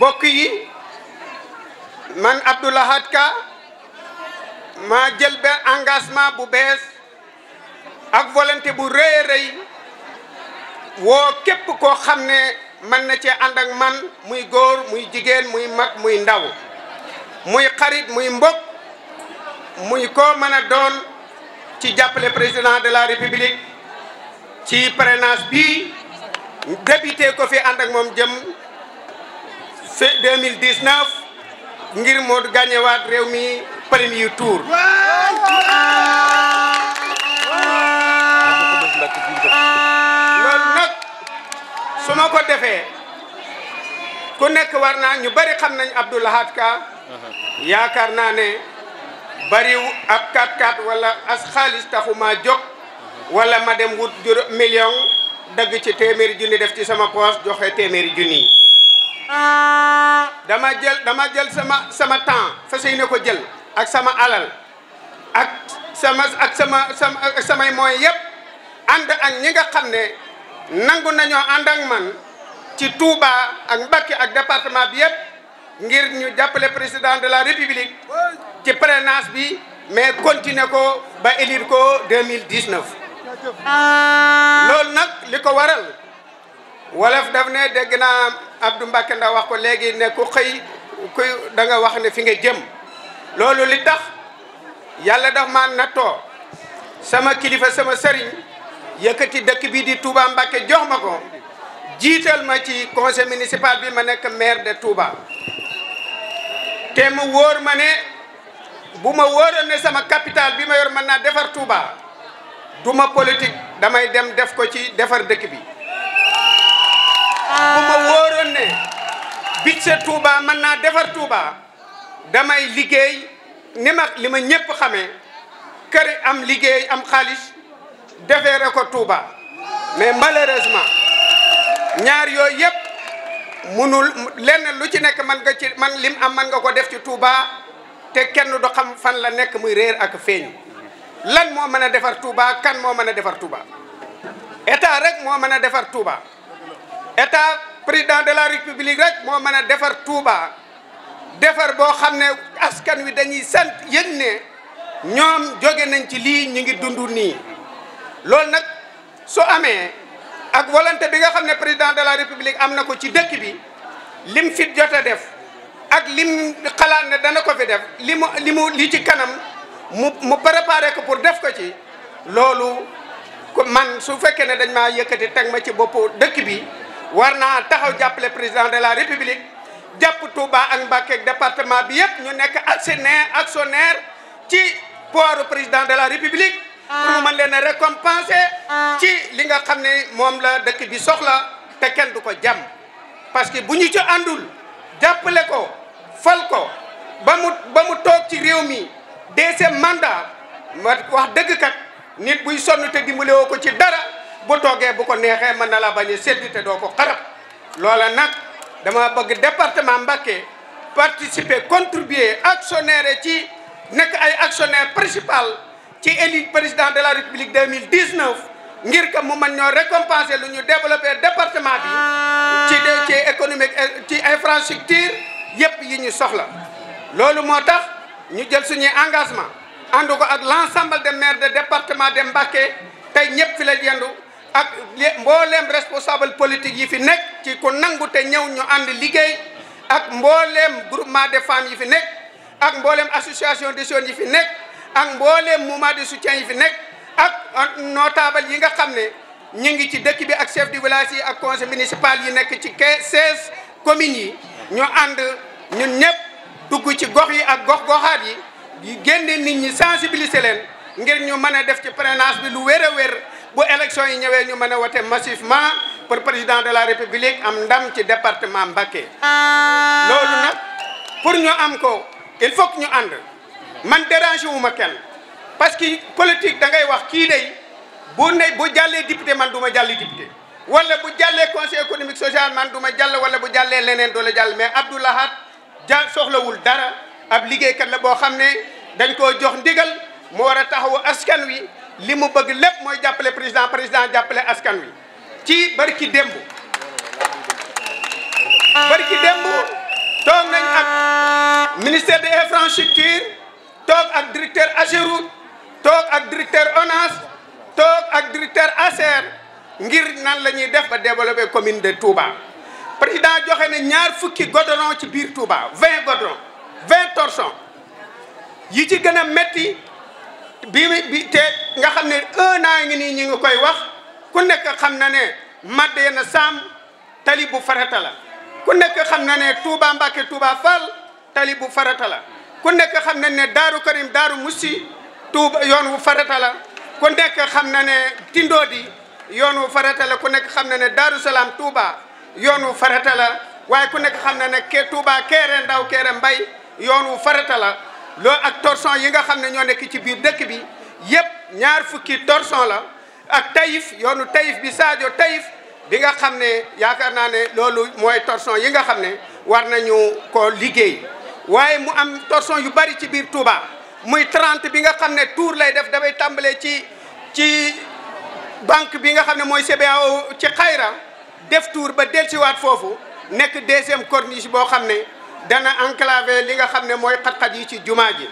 bokk yi man Abdou Lahad Ka maa engagement bu bees ak volonté bu rëy rëy woo képp ko xam ne mën na cee ànd man muy góor muy jigéen muy mat muy ndaw muy xarit muy mbokk muy koo mën a doon ci jàppale président de la république ci parrainage bi député ko fi ànd ak moom jëm 2019 ngir moo gagné waat réew mi premier tour. loolu nag su ma ko defee ku nekk war naa ñu bari xam nañ Abdou Lahad Ka yaakaar naa ne bariw ab 4-4 wala as xaalis taxu maa jóg wala ma dem wut juróom million dagg ci téeméeri junni def ci sama poos joxe téeméeri junni Ah. dama jël dama jël sama sama temps fas ne ko jël ak sama alal ak sama ak sama sama samay mooy yëpp ànd ak ñi nga xam ne nangu nañoo ànd ak man ci Touba ak Mbacké ak département bi yëpp ngir ñu jàppale président de la république ci présidence bi mais continuer ko ba élire ko 2019 ah. loolu nag li ko waral wolof daf ne dégg naa Abdou Mbacke ndax wax ko léegi ne ku xëy kuy da nga wax ne fi nga jëm loolu li tax yàlla daf ma nattoo sama kilifa sama sëriñ yëkkati dëkk bi di Touba Mbacke jox ma ko jiital ma ci conseil municipal bi ma nekk maire de Touba te ma wóor ma ne bu ma wóoroon ne sama capital bi ma yor mën naa defar Touba du ma politique damay dem def ko ci defar dëkk bi bu ma wóoroon ne budget Touba mën naa defar Touba damay liggéey ni ma li ma ñëpp xamee kër am liggéey am xaalis defeere ko Touba mais malheureusement ñaar yooyu yëpp munul lenn lu ci nekk man nga ci man lim am man nga ko def ci Touba te kenn do xam fan la nekk muy réer ak feeñ lan moo mën a defar Touba kan moo mën a defar Touba état rek moo mën a defar Touba état président de la république rek moo mën a defar Touba defar boo xam ne askan wi dañuy sant yéen ne ñoom joge nañ ci lii ñu ngi dund nii loolu nag su amee ak wallante bi nga xam ne président de la république am na ko ci dëkk bi lim fit jot a def ak lim xalaat ne dana ko fi def li mu li ci kanam mu mu préparé ko pour def ko ci loolu man su fekkee ne dañ ma yëkkati teg ma ci boppu dëkk bi war naa taxaw jàppale président de la république jàpp Touba ak Mbacké département bi yëpp ñu nekk actionnaire actionnaire ci pooru président de la république ah. pour mu mën leen a récompenser ah. ci li nga xam ne moom la dëkk bi soxla te kenn du ko jàmm parce que bu ñu ci àndul jàppale ko fal ko ba mu toog ci réew mi deuxième mandat ma wax dëgg kat nit buy sonn te dimbale woo ko ci dara bu toogee bu ko neexee mën na la bañ a te doo ko xarab loola nag dama bëgg département Mbacké participer contribuer actionnaire ci nekk ay actionnaire principal ci élu président de la république 2019 ngir que mu mën ñoo récompenser lu ñu développer département bi ci ci économique ci infrastructure yëpp yi ñu soxla loolu moo tax ñu jël suñuy engagement ànd ko ak l'ensemble des maires de département de Mbacké tey ñëpp fi la yendu ak mbooleem responsable politique yi fi nekk ci ku nangu te ñëw ñu ànd liggéey ak mbooleem groupement de femmes yi fi nekk ak mbooleem association des jeunes yi fi nekk ak mbooleem mouvement de soutien yi fi nekk ak notable yi nga xam ne ñu ngi ci dëkk bi ak chef du village yi ak conseil municipal yi nekk ci seize communes yi ñu ànd ñun ñëpp dugg ci gox yi ak gox goxaat yi génne nit ñi sensibiliser leen ngir ñu mën a def ci parrainage bi lu wér a wér bu élection yi ñëwee ñu mën a wote massivement pour président de la république am ndam ci département Mbacké loolu na pour ñu am ko il faut ñu ànd man déranger wu ma kenn parce que politique da ngay wax kii boo bu ne bu jàllee député man du ma jàll député wala bu jàllee conseil économique social man du ma jàll wala bu jàllee leneen doo jàll mais Abdou Lahad ja soxlawul dara ab liggéeykat la boo xam ne dañ koo jox ndigal moo war a taxawu askan wi li mu bëgg lépp mooy jàppale président président jàppale askan wi ci barki démb barki démb toog nañ ak ministère des infrastructures toog ak directeur Ageroute toog ak directeur ONAS toog ak directeur ASER ngir nan la ñuy def ba développer commune de Touba président joxe ne ñaar fukki godoron ci biir Touba vingt godoron vingt yi ci gën a bi bi te nga xam ne un an ngi nii ñu ngi koy wax ku nekk xam na ne madd na Samb tali bu farata la ku nekk xam na ne Touba Mbacké Touba Fall tali bu farata la na ne Daaru Karim Daaru Musi yoon wu farata la ku nekk xam na ne Tindodi yoon wu farata la ku nekk xam na ne Daaru Salaam Touba yoon wu farata la waaye ku nekk xam na ne ke Touba Kéré Ndaw Kéré Mbay yoon wu farata la loolu ak torchon yi nga xam ne ñoo nekk ci biir dëkk bi yépp ñaar fukki torchon la ak tayif yoonu tayif bi Sadio tayif bi nga xam ne yaakaar naa ne loolu mooy torchon yi nga xam ne war nañu ko liggéey waaye mu am torchon yu bari ci biir Touba muy 30 bi nga xam ne tour lay def dafay tàmbalee ci ci banque bi nga xam ne mooy CBAO ci xayra def tour ba dellusiwaat foofu nekk deuxième corniche boo xam ne dana enclavé li nga xam ne mooy xat-xat yi ci jumaa ji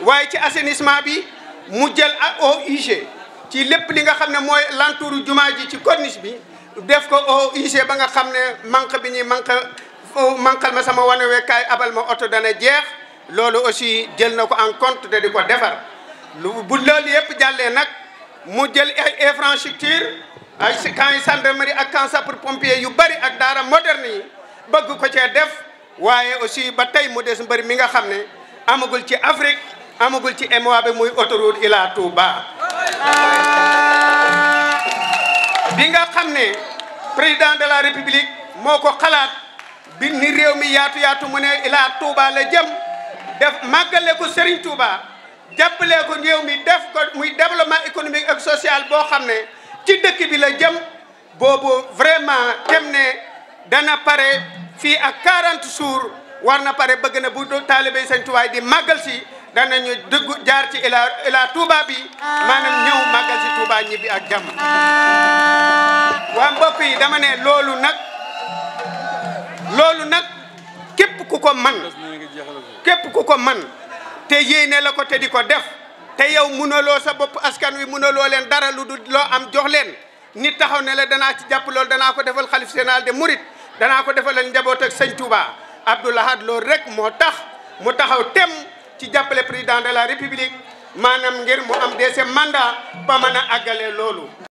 waaye ci assainissement bi mu jël OIG ci lépp li nga xam ne mooy l'entour jumaa ji ci corniche bi def ko OIG ba nga xam ne manque bi ñuy manque manqal ma sama wanewekaay abal ma oto dana jeex loolu aussi jël na ko en compte te di ko defar lu bu loolu yëpp jàllee nag mu jël ay infrastructure ay camp gendarmerie ak camp sapeur pompier yu bari ak daar daara moderne yi bëgg ko cee def waaye aussi ba tey mu des mbër mi nga xam ne amagul ci Afrique amagul ci MOA bi muy autoroute Ila Touba. bi nga xam ne président de la république moo ko xalaat bi ni réew mi yaatu yaatu mu ne Ila Touba la jëm def màggale ko Serigne Touba jàppale ko réew mi def muy développement économique ak sociale boo xam ne ci dëkk bi la jëm boobu vraiment tem ne dana pare. fii ak 40 jours war na pare bëgg na bu taalibey Sëñ Tuubaa di màggal si danañu dëggu jaar ci ila ila Touba bi maanaam ñëw màggal si Touba ñibbi a jàmm. waa mbokk yi dama ne loolu nag loolu nag képp ku ko man képp ku ko man te yéene la ko te di ko def te yow mënaloo sa bopp askan wi loo leen dara lu du loo am jox leen nit taxaw ne la danaa ci jàpp loolu danaa ko defal xalif général de Mouride. danaa ko defalal njaboot ak sëñ Touba Abdou Lahad loolu rek moo tax mu taxaw tem ci jàppale président de la république maanaam ngir mu am deuxième mandat ba mën a loolu.